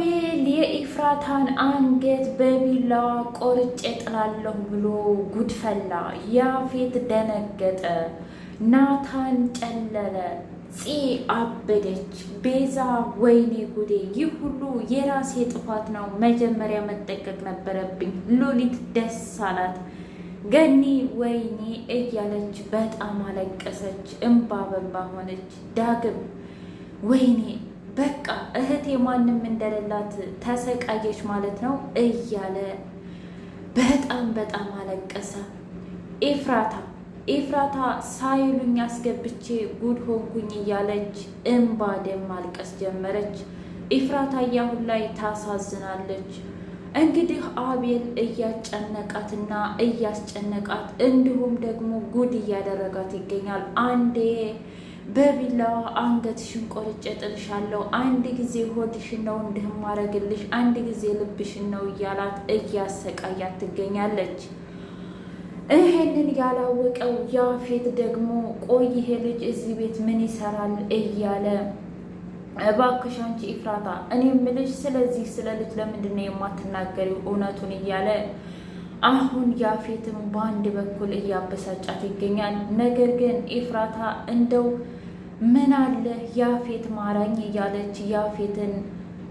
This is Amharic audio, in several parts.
አቤል የኢፍራታን አንገት በቢላዋ ቆርጬ ጥላለሁ ብሎ ፈላ! ያፌት ደነገጠ። ናታን ጨለለ። ፂ አበደች። ቤዛ ወይኔ ጉዴ! ይህ ሁሉ የራሴ ጥፋት ነው፣ መጀመሪያ መጠቀቅ ነበረብኝ። ሉሊት ደስ አላት። ገኒ ወይኔ እያለች በጣም አለቀሰች። እምባ በእምባ ሆነች። ዳግም ወይኔ በቃ እህቴ ማንም እንደሌላት ተሰቃየች ማለት ነው እያለ በጣም በጣም አለቀሰ። ኤፍራታ ኤፍራታ ሳይሉኝ አስገብቼ ጉድ ሆንኩኝ እያለች እንባ ደም ማልቀስ ጀመረች። ኤፍራታ እያሁን ላይ ታሳዝናለች። እንግዲህ አቤል እያጨነቃትና እያስጨነቃት እንዲሁም ደግሞ ጉድ እያደረጋት ይገኛል አንዴ በቢላዋ አንገትሽን ቆርጬ ጥልሻለሁ። አንድ ጊዜ ሆድሽን ነው እንደማረግልሽ፣ አንድ ጊዜ ልብሽን ነው እያላት እያሰቃያት ትገኛለች። ይሄንን ያላወቀው ያፌት ደግሞ ቆይ ይሄ ልጅ እዚህ ቤት ምን ይሰራል እያለ እባክሽ አንቺ ኢፍራታ፣ እኔ ምልሽ ስለዚህ ስለ ልጅ ለምንድን ነው የማትናገሪው? እውነቱን እያለ አሁን ያፌትም በአንድ በኩል እያበሳጫት ይገኛል። ነገር ግን ኢፍራታ እንደው ምን አለ ያፌት ማራኝ እያለች ያፌትን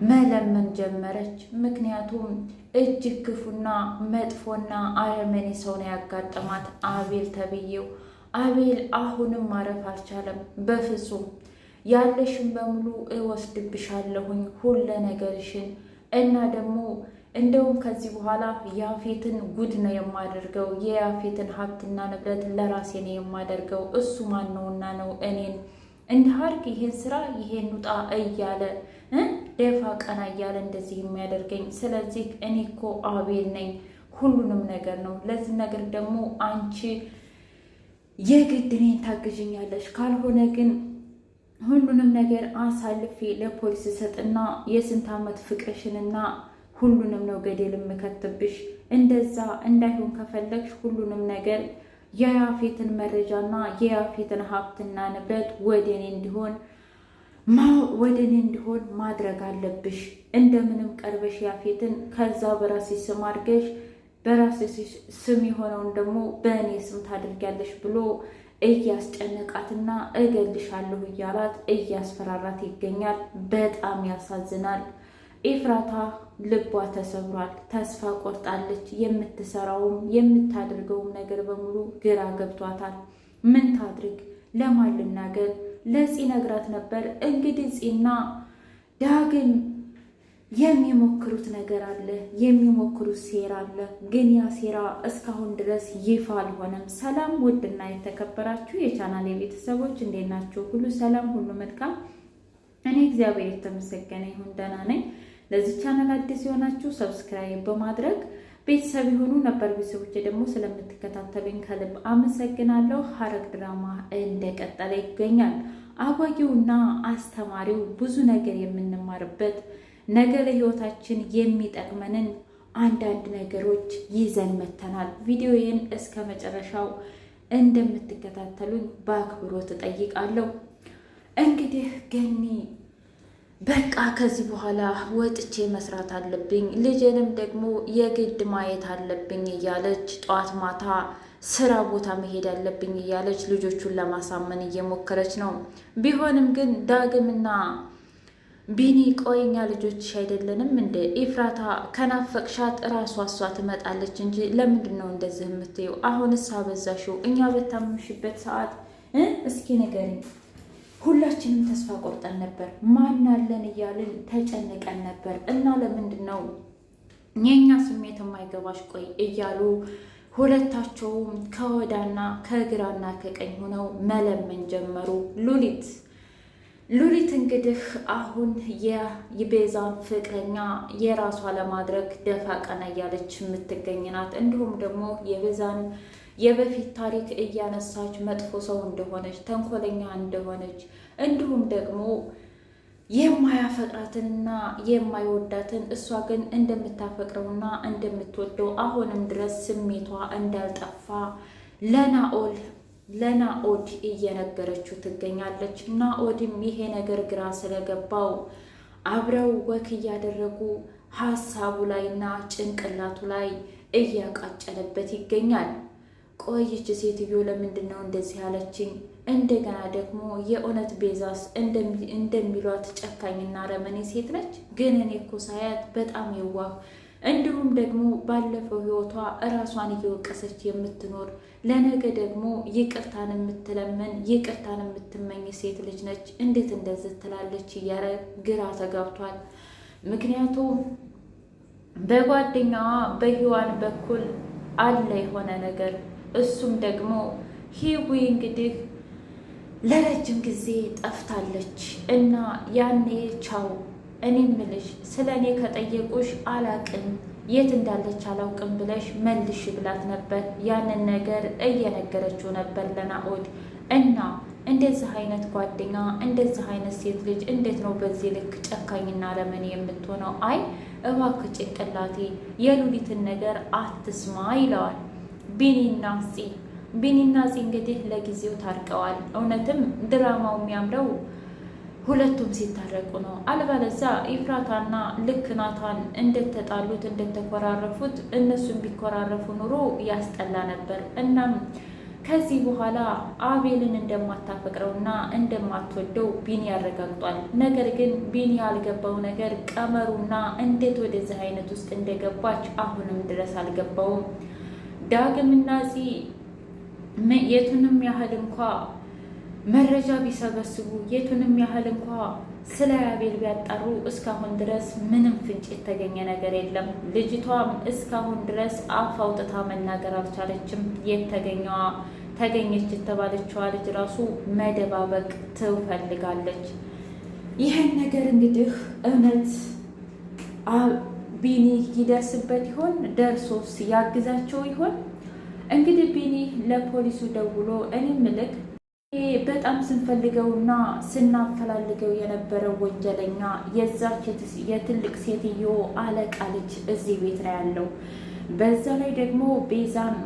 መለመን ጀመረች። ምክንያቱም እጅግ ክፉና መጥፎና አረመኔ ሰው ነው ያጋጠማት አቤል ተብዬው። አቤል አሁንም ማረፍ አልቻለም። በፍጹም ያለሽን በሙሉ እወስድብሻለሁኝ ሁለ ነገርሽን እና ደግሞ እንደውም ከዚህ በኋላ ያፌትን ጉድ ነው የማደርገው፣ የያፌትን ሀብትና ንብረት ለራሴ ነው የማደርገው። እሱ ማን ነውና ነው እኔን እንደ ሀርግ ይሄን ስራ ይሄን ውጣ እያለ ደፋ ቀና እያለ እንደዚህ የሚያደርገኝ። ስለዚህ እኔ እኮ አቤል ነኝ፣ ሁሉንም ነገር ነው። ለዚህ ነገር ደግሞ አንቺ የግድ እኔን ታግዥኛለሽ፣ ካልሆነ ግን ሁሉንም ነገር አሳልፌ ለፖሊስ ሰጥና የስንት ዓመት ፍቅርሽንና ሁሉንም ነው ገደል የምከትብሽ። እንደዛ እንዳይሆን ከፈለግሽ ሁሉንም ነገር የያፌትን መረጃና የያፌትን ሀብትና ንብረት ወደ እኔ እንዲሆን ወደ እኔ እንዲሆን ማድረግ አለብሽ። እንደምንም ቀርበሽ ያፌትን ከዛ በራሴ ስም አድርገሽ በራሴ ስም የሆነውን ደግሞ በእኔ ስም ታደርጊያለሽ ብሎ እያስጨነቃትና እገልሻለሁ እያላት እያስፈራራት ይገኛል። በጣም ያሳዝናል። ኤፍራታ ልቧ ተሰብሯል፣ ተስፋ ቆርጣለች። የምትሰራውም የምታደርገውም ነገር በሙሉ ግራ ገብቷታል። ምን ታድርግ? ለማን ልናገር? ለፂ ነግራት ነበር። እንግዲህ ፂና ዳግም የሚሞክሩት ነገር አለ፣ የሚሞክሩት ሴራ አለ። ግን ያ ሴራ እስካሁን ድረስ ይፋ አልሆነም። ሰላም ውድና የተከበራችሁ የቻናል የቤተሰቦች እንዴት ናቸው? ሁሉ ሰላም፣ ሁሉ መልካም። እኔ እግዚአብሔር የተመሰገነ ይሁን ደህና ነኝ። ለዚህ ቻናል አዲስ የሆናችሁ ሰብስክራይብ በማድረግ ቤተሰብ የሆኑ ነበር። ቤተሰቦች ደግሞ ስለምትከታተሉኝ ከልብ አመሰግናለሁ። ሐረግ ድራማ እንደቀጠለ ይገኛል። አጓጊውና አስተማሪው ብዙ ነገር የምንማርበት ነገ ለህይወታችን የሚጠቅመንን አንዳንድ ነገሮች ይዘን መተናል። ቪዲዮዬን እስከ መጨረሻው እንደምትከታተሉኝ በአክብሮት እጠይቃለሁ። እንግዲህ ገኒ በቃ ከዚህ በኋላ ወጥቼ መስራት አለብኝ፣ ልጄንም ደግሞ የግድ ማየት አለብኝ እያለች ጠዋት ማታ ስራ ቦታ መሄድ አለብኝ እያለች ልጆቹን ለማሳመን እየሞከረች ነው። ቢሆንም ግን ዳግምና ቢኒ ቆይኛ ልጆች አይደለንም እንደ ኢፍራታ ከናፈቅሻት ራሷ እሷ ትመጣለች እንጂ ለምንድን ነው እንደዚህ የምትይው? አሁንስ አበዛሽው። እኛ በታመምሽበት ሰዓት እስኪ ንገሪኝ ሁላችንም ተስፋ ቆርጠን ነበር፣ አለን እያልን ተጨንቀን ነበር እና ለምንድን ነው የእኛ ስሜት የማይገባሽ ቆይ እያሉ ሁለታቸውም ከወዳና ከግራና ከቀኝ ሆነው መለመን ጀመሩ። ሉሊት ሉሊት እንግዲህ አሁን የቤዛ ፍቅረኛ የራሷ ለማድረግ ደፋ ቀና እያለች የምትገኝናት እንዲሁም ደግሞ የቤዛን የበፊት ታሪክ እያነሳች መጥፎ ሰው እንደሆነች፣ ተንኮለኛ እንደሆነች እንዲሁም ደግሞ የማያፈቅራትንና የማይወዳትን እሷ ግን እንደምታፈቅረውና እንደምትወደው አሁንም ድረስ ስሜቷ እንዳልጠፋ ለናኦል ለናኦድ እየነገረችው ትገኛለች። ናኦድም ይሄ ነገር ግራ ስለገባው አብረው ወክ እያደረጉ ሀሳቡ ላይና ጭንቅላቱ ላይ እያቃጨለበት ይገኛል። ቆይች ሴትዮ ለምንድን ነው እንደዚህ ያለችኝ? እንደገና ደግሞ የእውነት ቤዛስ እንደሚሏት ጨካኝና ረመኔ ሴት ነች። ግን እኔ እኮ ሳያት በጣም የዋህ እንዲሁም ደግሞ ባለፈው ሕይወቷ እራሷን እየወቀሰች የምትኖር ለነገ ደግሞ ይቅርታን የምትለምን ይቅርታን የምትመኝ ሴት ልጅ ነች። እንዴት እንደዚህ ትላለች እያለ ግራ ተጋብቷል። ምክንያቱም በጓደኛዋ በህዋን በኩል አለ የሆነ ነገር እሱም ደግሞ ሂዊ እንግዲህ ለረጅም ጊዜ ጠፍታለች እና ያኔ ቻው እኔ ምልሽ ስለ እኔ ከጠየቁሽ አላቅም የት እንዳለች አላውቅም ብለሽ መልሽ ብላት ነበር። ያንን ነገር እየነገረችው ነበር ለናኦድ እና እንደዚህ አይነት ጓደኛ እንደዚህ አይነት ሴት ልጅ እንዴት ነው በዚህ ልክ ጨካኝና ለምን የምትሆነው? አይ እባክህ ጭንቅላቴ የሉሊትን ነገር አትስማ ይለዋል። ቢኒና ፂ ቢኒና እንግዲህ ለጊዜው ታርቀዋል። እውነትም ድራማው የሚያምረው ሁለቱም ሲታረቁ ነው። አልባለዛ ኢፍራታና ልክ ናታን እንደተጣሉት እንደተኮራረፉት እነሱን ቢኮራረፉ ኑሮ ያስጠላ ነበር። እናም ከዚህ በኋላ አቤልን እንደማታፈቅረውና እንደማትወደው ቢኒ ያረጋግጧል። ነገር ግን ቢኒ ያልገባው ነገር ቀመሩና እንዴት ወደዚህ አይነት ውስጥ እንደገባች አሁንም ድረስ አልገባውም። ዳግምና ፂ የቱንም ያህል እንኳ መረጃ ቢሰበስቡ የቱንም ያህል እንኳ ስለ አቤል ቢያጣሩ እስካሁን ድረስ ምንም ፍንጭ የተገኘ ነገር የለም። ልጅቷም እስካሁን ድረስ አፍ አውጥታ መናገር አልቻለችም። የተገኘዋ ተገኘች የተባለችዋ ልጅ ራሱ መደባበቅ ትፈልጋለች። ይህን ነገር እንግዲህ እውነት ቢኒ ይደርስበት ይሆን? ደርሶስ ያግዛቸው ይሆን? እንግዲህ ቢኒ ለፖሊሱ ደውሎ እኔ ምልክ በጣም ስንፈልገውና ስናፈላልገው የነበረው ወንጀለኛ የዛች የትልቅ ሴትዮ አለቃ ልጅ እዚህ ቤት ነው ያለው። በዛ ላይ ደግሞ ቤዛን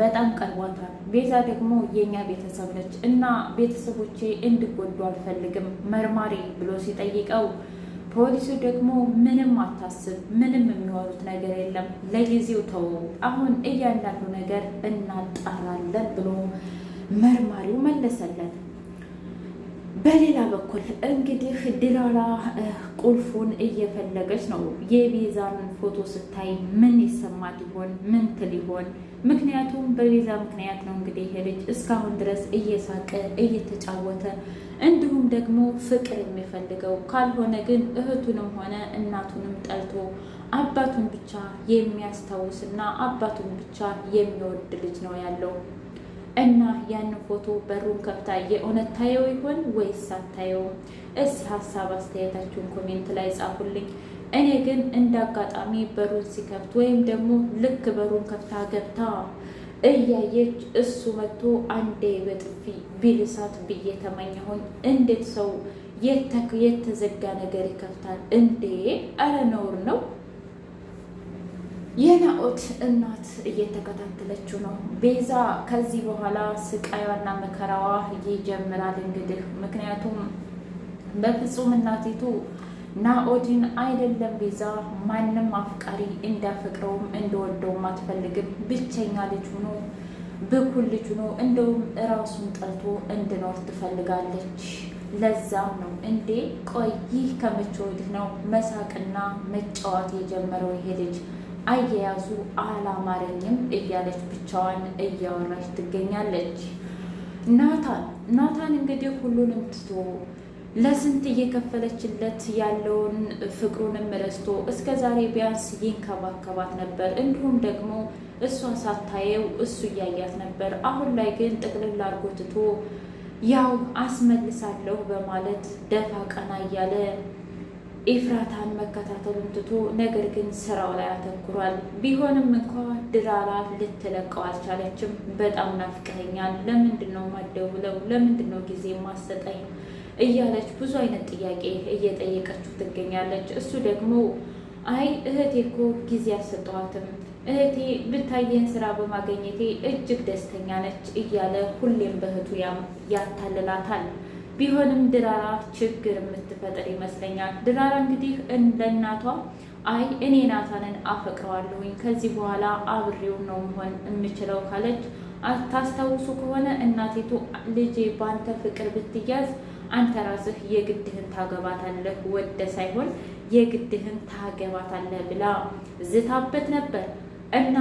በጣም ቀርቧታል። ቤዛ ደግሞ የእኛ ቤተሰብ ነች እና ቤተሰቦቼ እንድጎዱ አልፈልግም መርማሪ ብሎ ሲጠይቀው ፖሊሱ ደግሞ ምንም አታስብ፣ ምንም የሚሆኑት ነገር የለም፣ ለጊዜው ተው፣ አሁን እያንዳንዱ ነገር እናጣራለን ብሎ መርማሪው መለሰለት። በሌላ በኩል እንግዲህ ድራራ ቁልፉን እየፈለገች ነው። የቤዛን ፎቶ ስታይ ምን ይሰማት ይሆን? ምን ትል ይሆን? ምክንያቱም በቤዛ ምክንያት ነው እንግዲህ ይሄ ልጅ እስካሁን ድረስ እየሳቀ እየተጫወተ እንዲሁም ደግሞ ፍቅር የሚፈልገው ካልሆነ ግን እህቱንም ሆነ እናቱንም ጠልቶ አባቱን ብቻ የሚያስታውስና አባቱን ብቻ የሚወድ ልጅ ነው ያለው። እና ያንን ፎቶ በሩን ከፍታ የእውነት ታየው ይሆን ወይስ ሳታየው? እስኪ ሀሳብ አስተያየታችሁን ኮሜንት ላይ ጻፉልኝ። እኔ ግን እንደ አጋጣሚ በሩን ሲከፍት ወይም ደግሞ ልክ በሩን ከፍታ ገብታ እያየች እሱ መጥቶ አንዴ በጥፊ ቢልሳት ብዬ ተመኘሁኝ። እንዴት ሰው የተዘጋ ነገር ይከፍታል እንዴ? አረ ነውር ነው። የናኦት እናት እየተከታተለችው ነው። ቤዛ ከዚህ በኋላ ስቃያና መከራዋ ይጀምራል እንግዲህ ምክንያቱም በፍጹም እናቲቱ ናኦድን አይደለም ቤዛ ማንም አፍቃሪ እንዳፈቅረውም እንደወደውም አትፈልግም። ብቸኛ ልጅ ሆኖ ብኩል ልጅ ሆኖ እንደውም እራሱን ጠልቶ እንድኖር ትፈልጋለች። ለዛም ነው እንዴ ቆይ ይህ ከመቼ ወዲህ ነው መሳቅና መጫወት የጀመረው ይሄ ልጅ አያያዙ አላማረኝም እያለች ብቻዋን እያወራች ትገኛለች። ናታን ናታን እንግዲህ ሁሉንም ትቶ ለስንት እየከፈለችለት ያለውን ፍቅሩንም ረስቶ እስከ ዛሬ ቢያንስ ይንከባከባት ነበር። እንዲሁም ደግሞ እሷን ሳታየው እሱ እያያት ነበር። አሁን ላይ ግን ጥቅልል አድርጎ ትቶ ያው አስመልሳለሁ በማለት ደፋ ቀና እያለ ኤፍራታን መከታተሉን ትቶ ነገር ግን ስራው ላይ አተኩሯል። ቢሆንም እንኳ ድራራ ልትለቀው አልቻለችም። በጣም ናፍቀኸኛል፣ ለምንድን ነው ማደውለው፣ ለምንድን ነው ጊዜ ማሰጠኝ እያለች ብዙ አይነት ጥያቄ እየጠየቀችው ትገኛለች። እሱ ደግሞ አይ እህቴ እኮ ጊዜ አልሰጠኋትም፣ እህቴ ብታየን ስራ በማገኘቴ እጅግ ደስተኛ ነች እያለ ሁሌም በእህቱ ያታልላታል። ቢሆንም ድራራ ችግር የምትፈጥር ይመስለኛል። ድራራ እንግዲህ እንደናቷ አይ እኔ ናታንን አፈቅረዋለሁኝ ከዚህ በኋላ አብሬው ነው መሆን የምችለው ካለች ታስታውሱ ከሆነ እናቴቱ ልጄ በአንተ ፍቅር ብትያዝ አንተ ራስህ የግድህን ታገባታለህ ወደ ሳይሆን የግድህን ታገባታለህ ብላ ዝታበት ነበር እና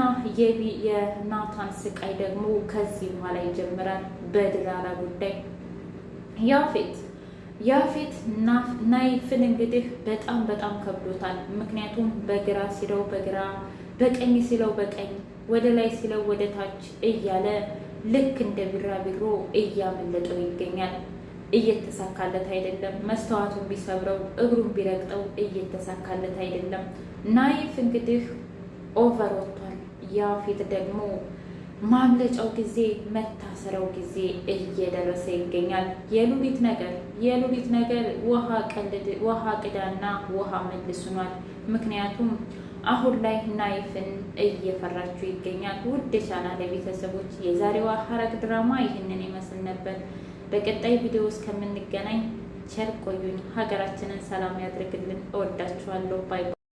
የናታን ስቃይ ደግሞ ከዚህ በኋላ ይጀምራል በድራራ ጉዳይ ያፌት ያፌት ናይፍን እንግዲህ በጣም በጣም ከብዶታል። ምክንያቱም በግራ ሲለው በግራ በቀኝ ሲለው በቀኝ ወደ ላይ ሲለው ወደ ታች እያለ ልክ እንደ ቢራቢሮ እያመለጠው ይገኛል። እየተሳካለት አይደለም። መስተዋቱን ቢሰብረው እግሩን ቢረግጠው እየተሳካለት አይደለም። ናይፍ እንግዲህ ኦቨር ወጥቷል። ያፌት ደግሞ ማምለጫው ጊዜ መታሰሪያው ጊዜ እየደረሰ ይገኛል። የሉሊት ነገር የሉሊት ነገር ውሃ ቀልድ ውሃ ቅዳና ውሃ መልሱኗል። ምክንያቱም አሁን ላይ ናይፍን እየፈራችሁ ይገኛል። ውድ የቻናሌ ቤተሰቦች የዛሬዋ ሐረግ ድራማ ይህንን ይመስል ነበር። በቀጣይ ቪዲዮ እስከምንገናኝ ቸር ቆዩኝ። ሀገራችንን ሰላም ያድርግልን። እወዳችኋለሁ። ባይ